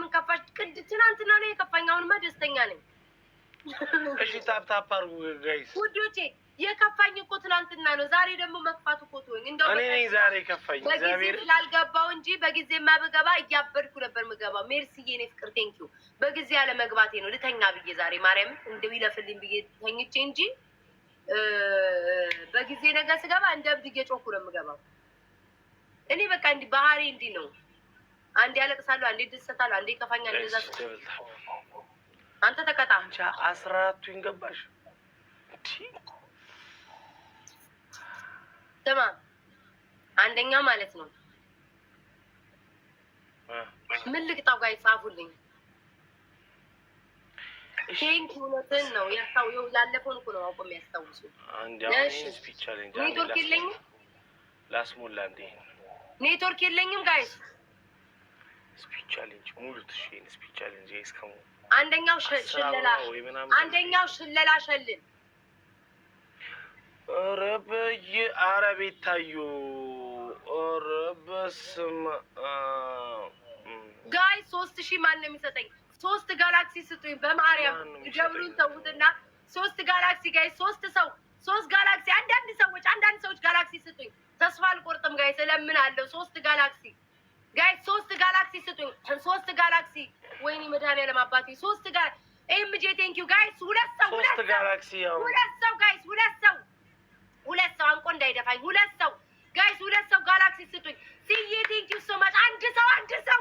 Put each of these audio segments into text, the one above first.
ለምን ከፋሽ? ቅድ ትናንትና ነው የከፋኝ። አሁንማ ደስተኛ ነኝ። እሺ ታፕታፕ አድርጉ ጋይስ ውዶቼ። የከፋኝ እኮ ትናንትና ነው። ዛሬ ደግሞ መክፋት እኮ ትሆኝ እንደው እኔ ነኝ ዛሬ ከፋኝ። በጊዜ ስላልገባው እንጂ በጊዜማ ብገባ እያበድኩ ነበር ምገባው። ሜርስዬ የኔ ፍቅር ቴንኪዩ። በጊዜ ያለ ነው ልተኛ ብዬ ዛሬ ማርያም እንደው ይለፍልኝ ብዬ ተኝቼ እንጂ በጊዜ ነገር ስገባ እንደ እብድ እየጮኩ ነው የምገባው። እኔ በቃ እንዲህ ባህሪ እንዲህ ነው። አንዴ ያለቅሳሉ፣ አንዴ ይደሰታሉ፣ አንዴ ይከፋኛል። እንደዛ አንተ ተቀጣ። አንቺ አስራ አራቱን ገባሽ። ስማ አንደኛ ማለት ነው። ምን ልቅጣው? ጋር ይጻፉልኝ። ቴንክ እውነትን ነው ያስታው ያለፈውን እኮ ነው አውቆ የሚያስታውሱ። ኔትወርክ የለኝም፣ ኔትወርክ የለኝም ጋይስ ስፒች ቻሌንጅ ሙሉ ትሽን ስፒች ቻሌንጅ ይስከሙ አንደኛው ሽለላ አንደኛው ሽለላ ሸልን ኧረ በይ ኧረ ቤታዮ ጋይ ሶስት ሺህ ማን ነው የሚሰጠኝ? ሶስት ጋላክሲ ስጡኝ። በማርያም ገብሩን ተውትና ሶስት ጋላክሲ ጋይ ሶስት ሰው ሶስት ጋላክሲ አንዳንድ ሰዎች አንዳንድ ሰዎች ጋላክሲ ስጡኝ። ተስፋ አልቆርጥም ጋይ ስለምን አለው ሶስት ጋላክሲ ጋይ ሶስት ጋላክሲ ስጡኝ፣ ሶስት ጋላክሲ። ወይኔ መድኃኒዓለም አባቴ ሶስት ጋ ኤምጄ ቴንኪዩ ጋይስ። ሁለት ሰው ሁለት ሰው ሁለት ሰው ጋይስ፣ ሁለት ሰው ሁለት ሰው አንቆ እንዳይደፋኝ ሁለት ሰው ጋይስ፣ ሁለት ሰው ጋላክሲ ስጡኝ። ሲዬ ቴንኪዩ ሶ ማች። አንድ ሰው አንድ ሰው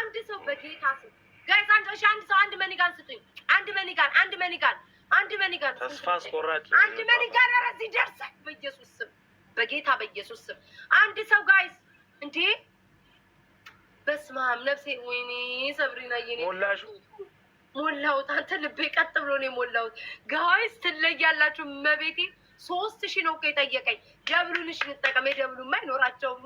አንድ ሰው በጌታ ስም ጋይስ፣ አንድ እሺ፣ አንድ ሰው አንድ መኒጋን ስጡኝ። አንድ መኒጋን አንድ መኒጋን አንድ መኒጋን ተስፋ አስቆራጭ አንድ መኒጋን። ኧረ እዚህ ደርሰህ በኢየሱስ ስም በጌታ በኢየሱስ ስም አንድ ሰው ጋይስ እንዴ በስማም ነፍሴ፣ ወይኔ ሰብሪና የኔ ሞላሹ ሞላሁት። አንተ ልቤ ቀጥ ብሎ ነው የሞላሁት። ጋይስ ትለያላችሁ። መቤቴ ሶስት ሺ ነው እኮ የጠየቀኝ። ደብሉንሽ እንጠቀም። የደብሉማ አይኖራቸውም።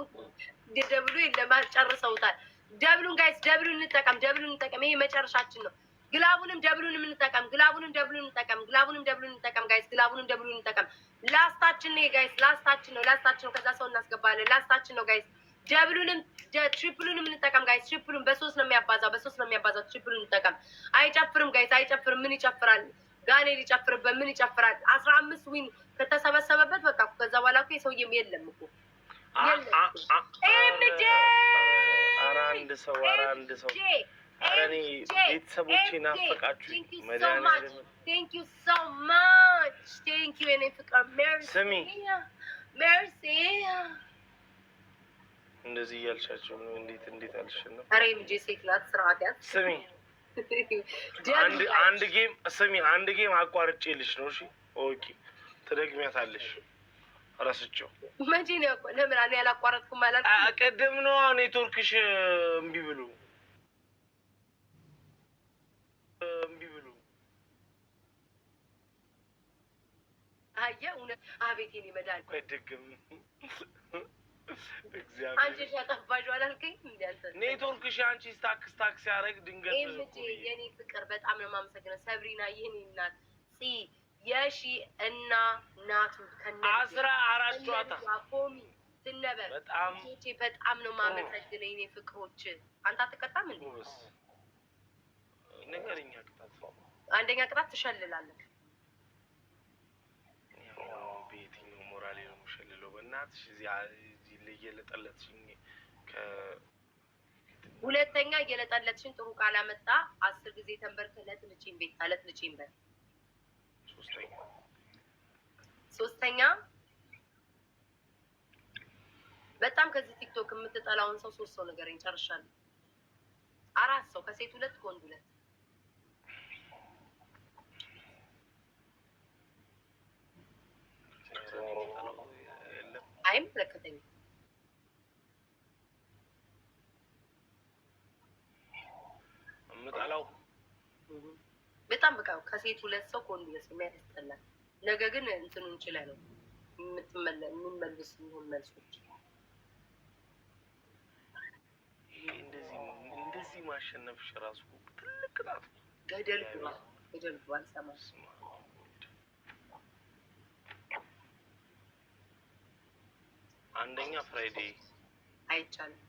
ደብሉ የለም ጨርሰውታል። ደብሉን ጋይስ፣ ደብሉን እንጠቀም፣ ደብሉን እንጠቀም። ይሄ መጨረሻችን ነው። ግላቡንም ደብሉንም እንጠቀም፣ ግላቡንም ደብሉን እንጠቀም፣ ግላቡንም ደብሉን እንጠቀም ጋይስ፣ ግላቡንም ደብሉን እንጠቀም። ላስታችን ነው ጋይስ፣ ላስታችን ነው፣ ላስታችን ነው። ከዛ ሰው እናስገባለን። ላስታችን ነው ጋይስ ደብሉንም ትሪፕሉንም እንጠቀም ጋይስ። ትሪፕሉን በሶስት ነው የሚያባዛው፣ በሶስት ነው የሚያባዛው። ትሪፕሉን እንጠቀም። አይጨፍርም ጋይስ፣ አይጨፍርም። ምን ይጨፍራል? ጋኔል ይጨፍርበት። ምን ይጨፍራል? አስራ አምስት ዊን ከተሰበሰበበት በቃ ከዛ በኋላ እኮ የሰውዬም የለም እኮ ሰው እንደዚህ እያልሻቸው ነው። እንዴት እንዴት አልሸነፍ? ኧረ ልጄ ሴት ናት፣ ስርዓት ያት። ስሚ አንድ አንድ ጌም ስሚ አንድ ጌም አቋርጬ ልሽ ነው። እሺ ኦኬ፣ ትደግሚያታለሽ። እረስቸው መቼ ነው? ለምን አለ አላቋረጥኩም ማለት ቅድም ነው ኔትወርክሽ እምቢ ብሎ እምቢ ብሎ አየህ። እውነት አቤቴን ይመዳል ደግም አንቺ ያጠፋሽ አላልከኝ? ኔትወርክሽ አንቺ ስታክስ ታክስ ያደረግ ድንገት ልጄ፣ የኔ ፍቅር በጣም ነው የማመሰግነው። ሰብሪና ይህን ናት የሺ እና ናቱ ከአስራ አራቷ ሚ ትነበረ በጣም ነው የማመሰግነው የኔ ፍቅሮች። አንተ አትቀጣም እንዴ? ነገርኛ ቅጣት፣ አንደኛ ቅጣት ትሸልላለህ። ቤትኛው ሞራሌ ነው የምሸልለው በእናትሽ እዚህ እየለጠለጥሽኝ ሁለተኛ እየለጠለጥሽን ጥሩ ካላመጣ አስር ጊዜ ተንበርክለት ንጪኝ ቤት ታለት ንጪኝ በል። ሶስተኛ በጣም ከዚህ ቲክቶክ የምትጠላውን ሰው ሶስት ሰው ነገር ጨርሻለሁ። አራት ሰው ከሴት ሁለት ከወንድ ሁለት። አይመለከተኝም በጣም በቃ ከሴት ሁለት ሰው ከወንድ ሁለት ሰው የሚያስጠላል። ነገ ግን እንትኑ እንችላ ነው የሚመልስ የሚሆን መልሶች እንደዚህ ማሸነፍሽ ራሱ ትልቅ ናት። ገደል ግባ ገደል ግባ አልሰማሽ አንደኛ ፍራይዴ አይቻልም።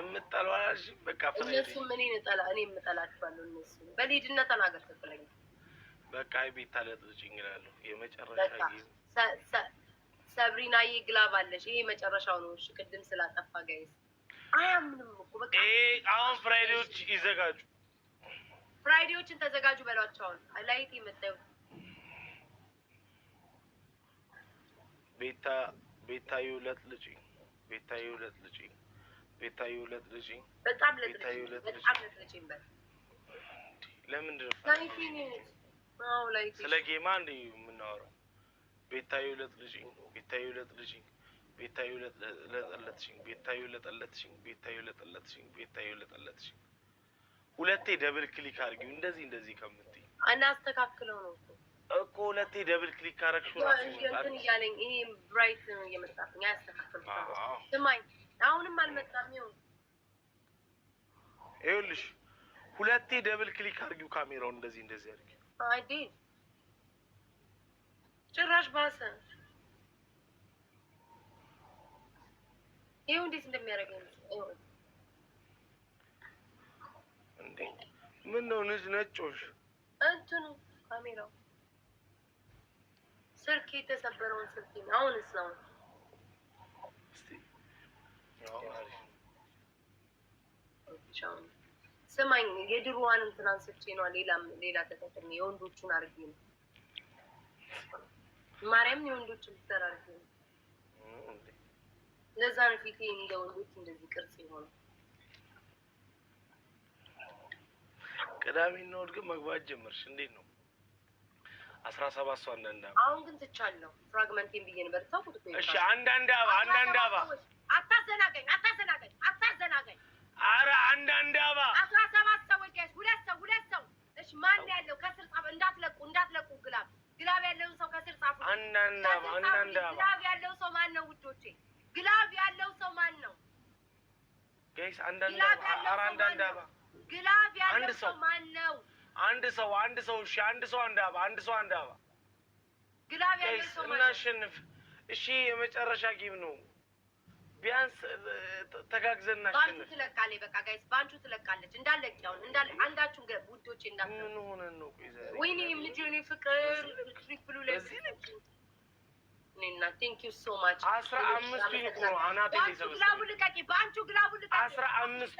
እምጠሏሽ በቃ እነሱም እኔ እኔ የምጠላችኋለሁ። እነሱ ተናገር በቃ ይላሉ። የመጨረሻ ሰብሪና ይግላባለሽ። ይሄ መጨረሻው ነው። እሺ ቅድም ስላጠፋ ጋይስ አያምንም እኮ በቃ አሁን ፍራይዴዎች ይዘጋጁ። ፍራይዴዎችን ተዘጋጁ በሏቸውን ላይት የምታዩ ቤታ ቤታዩ ለጥልጭ ቤታዩ ቤታዬ ሁለት ልጅ በጣም ለጥልጅ በጣም ለጥልጅ ለምንድን ነው ስለ ጌማ እንደ የምናወራው? ቤታዬ ሁለት ልጅ ቤታዬ ሁለት ልጅ ቤታዬ ለጠለትሽኝ ቤታዬ ለጠለትሽኝ ቤታዬ ለጠለትሽኝ ቤታዬ ለጠለትሽኝ። ሁለቴ ደብል ክሊክ አድርጊው እንደዚህ እንደዚህ ከምትይ እናስተካክለው ነው እኮ ሁለቴ ደብል ክሊክ ካረግሽው እንትን እያለኝ ይሄ ብራይት እየመጣብኝ አያስተካክልም። ስማኝ አሁንም አልመጣም። ይሁን ይኸውልሽ፣ ሁለቴ ደብል ክሊክ አድርጊው ካሜራውን እንደዚህ እንደዚህ አድርጊ። አይዲ ጭራሽ ባሰ። ይኸው እንዴት እንደሚያደርገኝ እንዴ! ምን ነው ነጭ ነጮሽ? እንትኑ ካሜራው ስልክ የተሰበረውን ስልክ አሁንስ አሁን ስማኝ የድሮዋን እንትን አንስቼ ነው ሌላም ሌላ ተጠቅሜ የወንዶቹን አርጌ ነው ማርያም የወንዶችን ልሰራ አድርጌ ነው። ለዛ ነው ፊቴ እንደ ወንዶች እንደዚህ ቅርጽ የሆነው። ቅዳሜ እና እሑድ ግን መግባት ጀመርሽ። እንዴት ነው? አስራ ሰባት ሰው አንዳንድ አሁን ግን ትቻለሁ። ፍራግመንቴን ብዬ ነበር። ተውኩት እሺ አንዳንድ አበባ አንዳንድ አበባ አታዘናገኝ፣ አታዘናገኝ፣ አታዘናገኝ። ኧረ አንዳንድ አባ አስራ ሰባት ሰዎች ጋይስ፣ ሁለት ሰው ሁለት ሰው። እሺ ማን ያለው ከስር ጻፉ፣ እንዳትለቁ እንዳትለቁ። ግላብ ግላብ ያለውን ሰው ከስር ጻፉ። አንዳንድ አባ አንዳንድ አባ ግላብ ያለው ሰው ማን ነው ውዶቼ? ግላብ ያለው ሰው ማን ነው ጋይስ? አንዳንድ አባ ኧረ አንዳንድ አባ ግላብ ያለው ሰው ማን ነው? አንድ ሰው አንድ ሰው እሺ፣ አንድ ሰው አንድ አባ አንድ ሰው አንድ አባ ግላብ ያለው ሰው ማን ነው? እናሸንፍ። እሺ የመጨረሻ ጊም ነው። ቢያንስ ተጋግዘን ናቸው። ትለቃለች በቃ ጋይስ፣ በአንቹ ትለቃለች እንዳለ ሁን እንዳለ አንዳችሁ ውዶቼ እንዳምን ሆነ ነው። ወይኔም ልጅ ኔ ፍቅር ትሪፕሉ ላይ ቴንኪው ሶ ማች። አስራ አምስት ነው አናቴ ግላቡ ልቀቂ፣ በአንቹ ግላቡ ልቀቂ። አስራ አምስት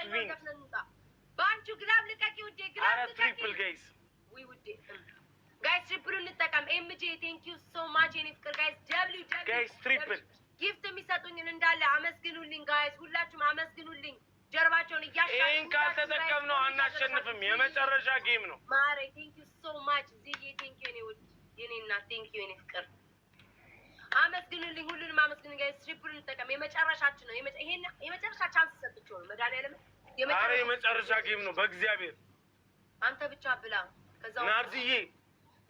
በአንቹ ግላብ ልቀቂ ውዴ፣ ግላብ ልቀቂ። ትሪፕል ጋይስ፣ ውዴ ጋይስ፣ ትሪፕሉ እንጠቀም። ኤምጄ ሶ ማች የኔ ፍቅር ጋይስ፣ ደብሊው ጋይስ ትሪፕል ጊፍት የሚሰጡኝን እንዳለ አመስግኑልኝ። ጋይስ ሁላችሁም አመስግኑልኝ። ጀርባቸውን እያሻ ይህን ነው አናሸንፍም። የመጨረሻ ጌም ነው። ማሬ ቴንክ ዩ ሶ ማች ዚዬ ቴንክ ዩ ኔ ውድ የኔ እናት ቴንክ ዩ ኔ ፍቅር አመስግኑልኝ። ሁሉንም አመስግኑ ጋይስ። ትሪፕል እንጠቀም። የመጨረሻችን ነው። ይሄን የመጨረሻ ቻንስ ሰጥቼው ነው መድኃኒዓለም። አረ የመጨረሻ ጌም ነው። በእግዚአብሔር አንተ ብቻ ብላ ከዛ ናርዲዬ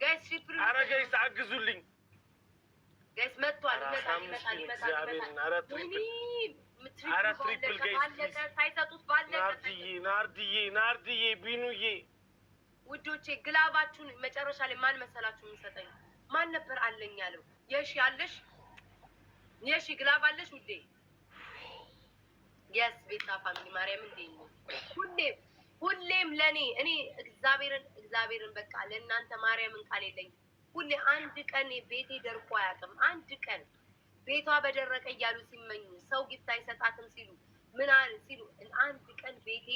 ጋይስ ትሪፕል አረ ጋይስ አግዙልኝ ናርድዬ ናርድዬ ቢኑዬ ውዶቼ ግላባችሁን መጨረሻ ላይ ማን መሰላችሁ የሚሰጠኝ? ማን ነበር አለኝ ያለው? የሺ አለሽ የሺ ግላብ አለሽ ውዴ። የስ ቤታ ፋሚሊ ማርያም እንዴ ሁሌም ሁሌም ለእኔ እኔ እግዚአብሔርን እግዚአብሔርን በቃ ለእናንተ ማርያምን ቃል የለኝ። ሁሌ አንድ ቀን ቤቴ ደርቆ አያውቅም። አንድ ቀን ቤቷ በደረቀ እያሉ ሲመኙ ሰው ጊፍት አይሰጣትም ሲሉ ምን ሲሉ አንድ ቀን ቤቴ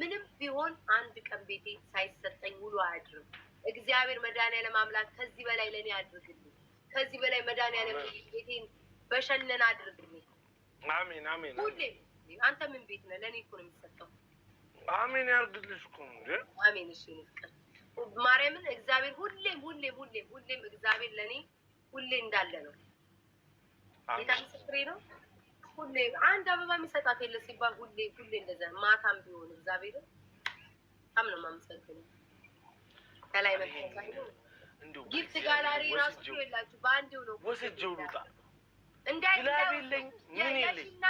ምንም ቢሆን አንድ ቀን ቤቴ ሳይሰጠኝ ውሎ አያድርም። እግዚአብሔር መድኃኒዓለም አምላክ ከዚህ በላይ ለእኔ አድርግልኝ። ከዚህ በላይ መድኃኒዓለም ቤቴን በሸነን አድርግልኝ። አሜን አሜን። አንተ ምን ቤት ነህ? ለእኔ እኮ ነው የሚሰጠው። አሜን ያርግልሽ እኮ አሜን። እሺ ማርያምን እግዚአብሔር ሁሌም ሁሌም ሁሌም ሁሌም እግዚአብሔር ለእኔ ሁሌ እንዳለ ነው ምስክሬ ነው። ሁሌ አንድ አበባ የሚሰጣት የለ ሲባል ሁሌ ሁሌ እንደዛ ማታም ቢሆን እግዚአብሔር በጣም ነው የማመሰግነው። ከላይ ጊፍት ጋላሪ ራሱ የላችሁ በአንዴው ነው ወስጄው ልውጣ እንዳይለኝ የሺና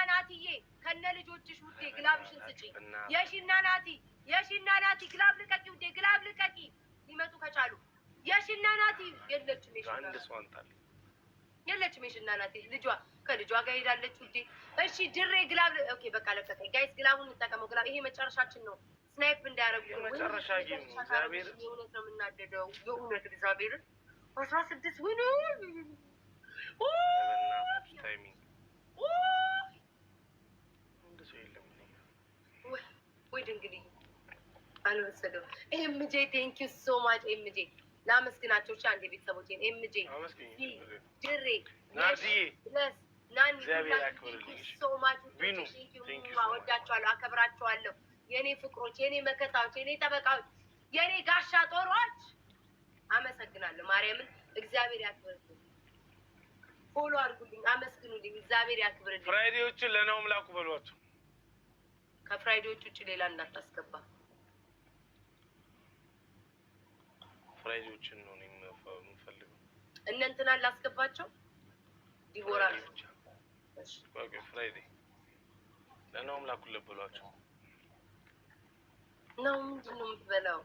ከነ ልጆችሽ ውዴ ግላብሽን ስጪ። የሺና ናቲ ናቲ ግላብ ልቀቂ ውዴ ግላብ ልቀቂ። ሊመጡ ከቻሉ ናቲ የለችም የለችም። የሽና ናት ልጇ ከልጇ ጋር ሄዳለች። ውዴ እሺ፣ ድሬ ግላብ ኦኬ፣ በቃ ለቀቀ። ጋይስ ግላቡን እንጠቀመው። ግላብ ይሄ መጨረሻችን ነው። ስናይፕ እንዳያረጉ መጨረሻ ጊዜ የእውነት ነው የምናደደው። የእውነት እግዚአብሔርን አስራ ስድስት ወይ ወይ ድንግል አልመሰደው ኤምጄ ቴንኪዩ ሶ ማች ኤምጄ ላመስግናቸው አንድ የቤተሰቦቼን ኤምጄ ድሬ ድረስ ናኒ ሶማች ወዳቸዋለሁ፣ አከብራቸዋለሁ። የእኔ ፍቅሮች፣ የእኔ መከታዎች፣ የእኔ ጠበቃዎች፣ የእኔ ጋሻ ጦሮች አመሰግናለሁ። ማርያምን እግዚአብሔር ያክብርልኝ። ፎሎ አድርጉልኝ፣ አመስግኑልኝ። እግዚአብሔር ያክብርልኝ። ፍራይዴዎቹን ለናውም ላኩ በሏቸው። ከፍራይዴዎች ውጭ ሌላ እንዳታስገባ። ሰርፕራይዞችን ነው የምንፈልገው። እነ እንትናን ላስገባቸው ዲቦራ ፍራይዴ ለናውም ላኩለት ብሏቸው ነው። ምንድን ነው የምትበላው?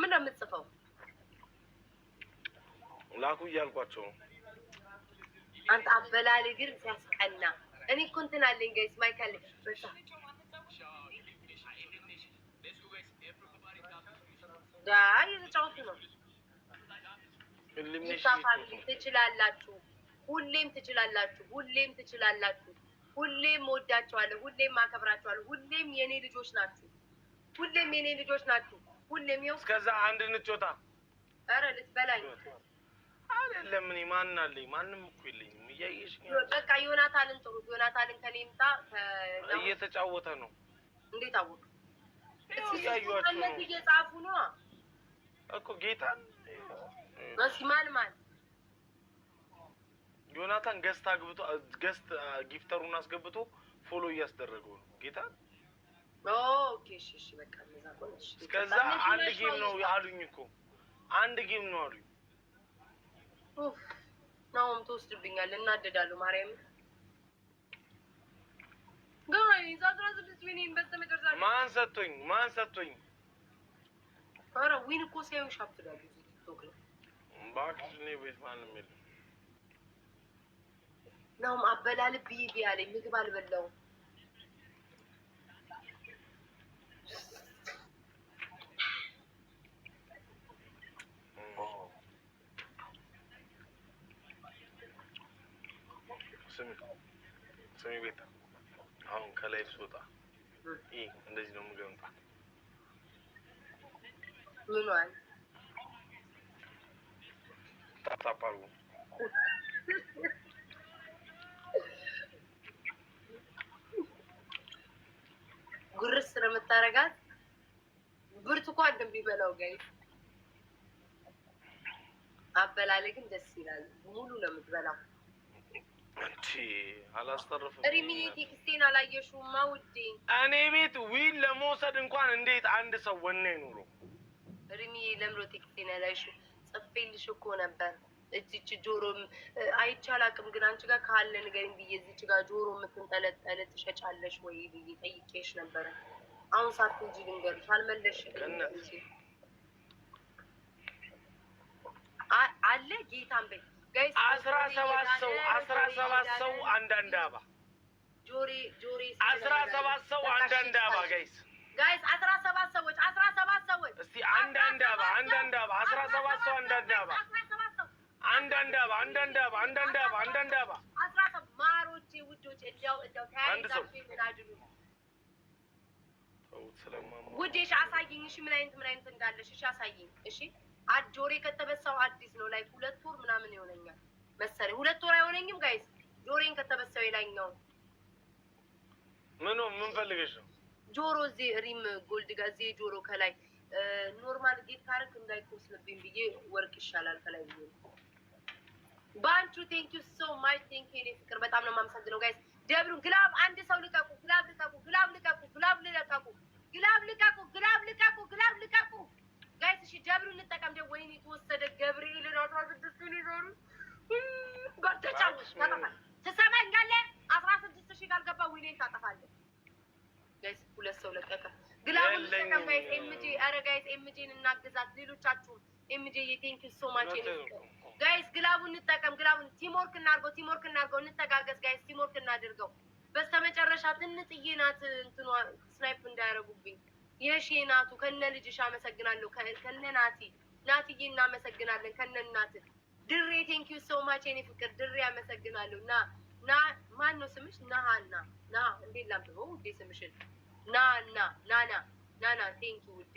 ምን ነው የምትጽፈው? ላኩ እያልኳቸው ነው። አንተ አበላሌ ግን ሲያስቀና። እኔ እኮ እንትን አለኝ ጋይስ ማይካል በሳ እየተጫወቱ ነው። ትችላላችሁ፣ ሁሌም ትችላላችሁ፣ ሁሌም ትችላላችሁ፣ ሁሌም ወዳችኋለሁ፣ ሁሌም አከብራችኋለሁ፣ ሁሌም የኔ ልጆች ናችሁ፣ ሁሌም የኔ ልጆች ናችሁ። ሁሌም ይኸው እስከዛ አንድ እንጮታ ኧረ ልትበላኝ አይደለም። እኔ ማን አለኝ? ማንም እኮ የለኝም። እያየሽ በቃ ዮናታንን ጥሩት። ዮናታንን ከሌምጣ እየተጫወተ ነው። እንዴት አወቅ? እያዩዋቸው እየጻፉ ነው እኮ ጌታን ጌታ ማን ማን ዮናታን ገስት አግብቶ ገስት ጊፍተሩን አስገብቶ ፎሎ እያስደረገው ነው ጌታ። ኦኬ እሺ፣ እሺ፣ በቃ ቆይ። ከዛ አንድ ጌም ነው አሉኝ እኮ አንድ ጌም ነው አሉኝ። ኡፍ ናውም ትወስድብኛል፣ እናደዳለሁ። ማርያም በስተመጨረሻ ማን ሰጥቶኝ ማን ሰጥቶኝ ኧረ ዊን እኮ ሲያዩሽ አብዳሉ ቲክቶክ ላይ እባክሽ፣ እኔ ቤት ማንም የለም። ናሁም አበላል ብይ ቢያለኝ ምግብ አልበላውም። ስሚ ቤታ፣ አሁን ከላይ ስወጣ እንደዚህ ነው የምገምጣት ምኗል ታጣባሩ ጉርስ ስለምታረጋት ብርቱካን እንደሚበላው ጋይ አበላለ ደስ ይላል። ሙሉ ነው የምትበላው። እንቺ አላስተረፍም። ሪሚኒቲ ክስቴን አላየሽውማ ውዴ። እኔ ቤት ዊን ለመውሰድ እንኳን እንዴት አንድ ሰው ወኔ ኑሮ ሪሚ ለምሮ ቴክስት ነላይሽ ጽፌልሽ እኮ ነበር። እዚች ጆሮ አይቻላቅም ግን አንቺ ጋር ካለ ንገሪኝ ብዬ እዚች ጋር ጆሮ የምትንጠለጠል ትሸጫለሽ ወይ ብዬ ጠይቄሽ ነበረ። አሁን ሳትሄጂ ልንገርሽ አልመለሽ አለ ጌታን በይ አስራ ሰባት ሰው አስራ ሰባት ሰው አንዳንድ አባ ጆሬ ጆሬ አስራ ሰባት ሰው አንዳንድ አባ ጋይስ ጋይስ አስራ ሰባት ሰዎች አስራ ሰባት ሰዎች እስቲ አንድ አንድ አባ አንድ አንድ አባ አስራ ሰባት ሰው አንድ አንድ አባ አንድ አንድ አባ አንድ አንድ አባ አንድ አንድ አባ አንድ አንድ አባ አስራ ሰባት ማሮቼ ውዶች፣ እሺ አሳይኝ። እሺ ምን አይነት ምን አይነት እንዳለሽ እሺ አሳይኝ። እሺ ከተበሳው አዲስ ነው ላይ ሁለት ወር ምናምን ይሆነኛል መሰለኝ። ሁለት ወር አይሆነኝም ጋይስ ጆሬን ከተበሳው የላይኛው ምን ምን ፈልገሽ ነው? ጆሮ እዚህ ሪም ጎልድ ጋር እዚህ ጆሮ ከላይ ኖርማል ጌት ካርክ እንዳይኮስልብኝ ብዬ ወርቅ ይሻላል ከላይ ብዬ በአንቹ ቴንክ ዩ ሶ ማች ቴንክ ዩ ፍቅር፣ በጣም ነው የማመሰግነው ጋይስ። ደብሉ ግላብ አንድ ሰው ልቀቁ፣ ግላብ ልቀቁ፣ ግላብ ልቀቁ። ጋይስ ግላቡን እንጠቀም። ግላቡን ቲሞርክ እናድርገው። ቲሞርክ እናድርገው። እንተጋገዝ ጋይስ። ቲሞርክ እናድርገው። በስተመጨረሻ ትንጥዬ ናት። እንትኗ ስናይፕ እንዳያረጉብኝ። የሺ ናቱ ከነ ልጅሽ አመሰግናለሁ። ከነ ናቲ ናትዬ እናመሰግናለን። ከነ እናት ድሬ ቴንኪዩ ሰው ማች የኔ ፍቅር ድሬ አመሰግናለሁ። ና ና ማን ነው ስምሽ? ናሃና ና እንዴት ላምጥበው ውዴ ስምሽን ና ና ናና ናና ቴንኪዩ ውዴ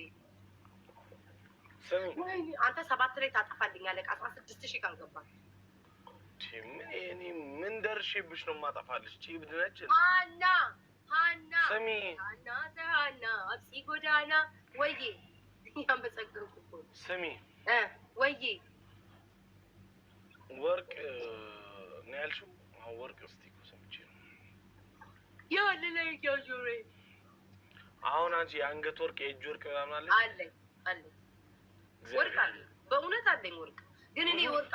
አንተ ሰባት ላይ ታጠፋልኛለህ። አስራ ስድስት ሺህ ካልገባል ምን ደርሼብሽ ነው የማጠፋልሽ? እብድ ነች ሀና ሀና ስሚ እናተ ሀና አብፂ ጎዳና ወዬ ያመሰግንኩ ስሚ ወዬ ወርቅ ነው ያልሽው። ወርቅ እስኪ ሰምቼ ነው ያው አሁን አንቺ የአንገት ወርቅ የእጅ ወርቅ ምናምን አለኝ አለኝ ወርቅ አለ፣ በእውነት አለኝ ወርቅ። ግን እኔ ወርቅ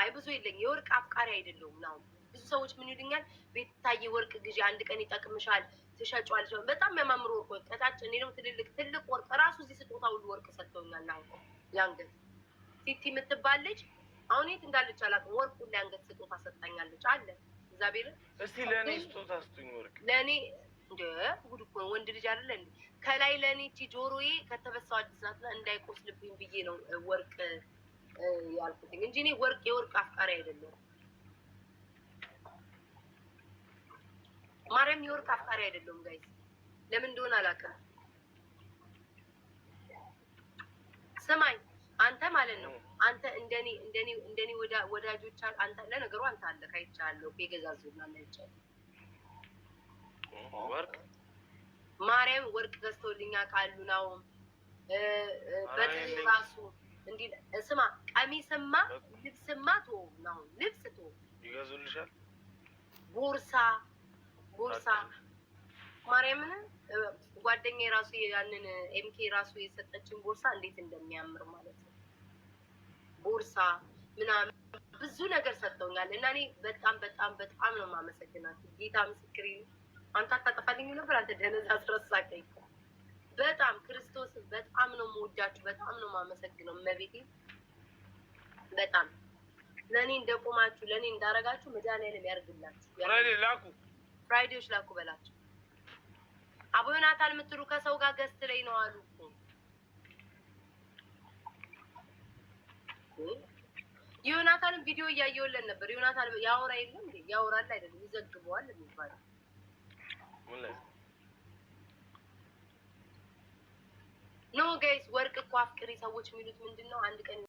አይ ብዙ የለኝ፣ የወርቅ አፍቃሪ አይደለሁም። ናሁ ብዙ ሰዎች ምን ይሉኛል፣ ቤታዬ ወርቅ ግዢ፣ አንድ ቀን ይጠቅምሻል፣ ትሸጫዋል። በጣም የሚያማምሩ ወርቅ ከታች እኔ ደግሞ ትልልቅ ትልቅ ወርቅ ራሱ እዚህ ስጦታ ሁሉ ወርቅ ሰጥተውኛል። ናሁ የአንገት ቲቲ የምትባል ልጅ አሁን የት እንዳለች አላውቅም። ወርቅ ሁሉ የአንገት ስጦታ ሰጣኛለች አለ እግዚአብሔር። እስቲ ለእኔ ስጦታ ስጡኝ ወርቅ ለእኔ እንደ ጉድ እኮ ነው። ወንድ ልጅ አይደለ እንዴ? ከላይ ለኔቲ ጆሮዬ ከተበሳው አዲስ ናትና እንዳይቆስልብኝ ብዬ ነው ወርቅ ያልኩትኝ እንጂ እኔ ወርቅ የወርቅ አፍቃሪ አይደለም። ማርያም የወርቅ አፍቃሪ አይደለሁም። ጋይ ለምን እንደሆነ አላውቅም። ስማኝ አንተ ማለት ነው አንተ እንደኔ እንደኔ እንደኔ ወዳጆች አንተ ለነገሩ አንተ አለ ካይቻለሁ የገዛዙና ላይ ይቻለሁ ወርቅ ማርያም ወርቅ ገዝቶልኛ ካሉ ነው። በተለይ ራሱ እንዲህ ስማ፣ ቀሚስማ ልብስማ ቶ ነው ልብስ ቶ ይገዙልሻል። ቦርሳ ቦርሳ ማርያምን ጓደኛ የራሱ ያንን ኤምኬ ራሱ የሰጠችን ቦርሳ እንዴት እንደሚያምር ማለት ነው። ቦርሳ ምናምን ብዙ ነገር ሰጥተውኛል እና እኔ በጣም በጣም በጣም ነው የማመሰግናቸው ጌታ ምስክሬ ነው። አንተ አታጠፋልኝ ነበር። አንተ ደነዝ አስረሳቀኝ። በጣም ክርስቶስን በጣም ነው የምወዳችሁ፣ በጣም ነው የማመሰግነው። እመቤቴ በጣም ለእኔ እንደቆማችሁ ለእኔ እንዳረጋችሁ መድኃኒዓለም ያርግላችሁ። ፍራይዴ ላኩ ፍራይዴዎች ላኩ በላቸው። አቦ ዮናታን የምትሉ ከሰው ጋር ገስት ላይ ነው አሉ እኮ የዮናታንን ቪዲዮ እያየውለን ነበር። ዮናታን ያወራ የለም ያወራል አይደለም ይዘግበዋል የሚባለው ሙላት ኖ ጋይስ ወርቅ እኮ አፍቅሪ ሰዎች የሚሉት ምንድን ነው? አንድ ቀን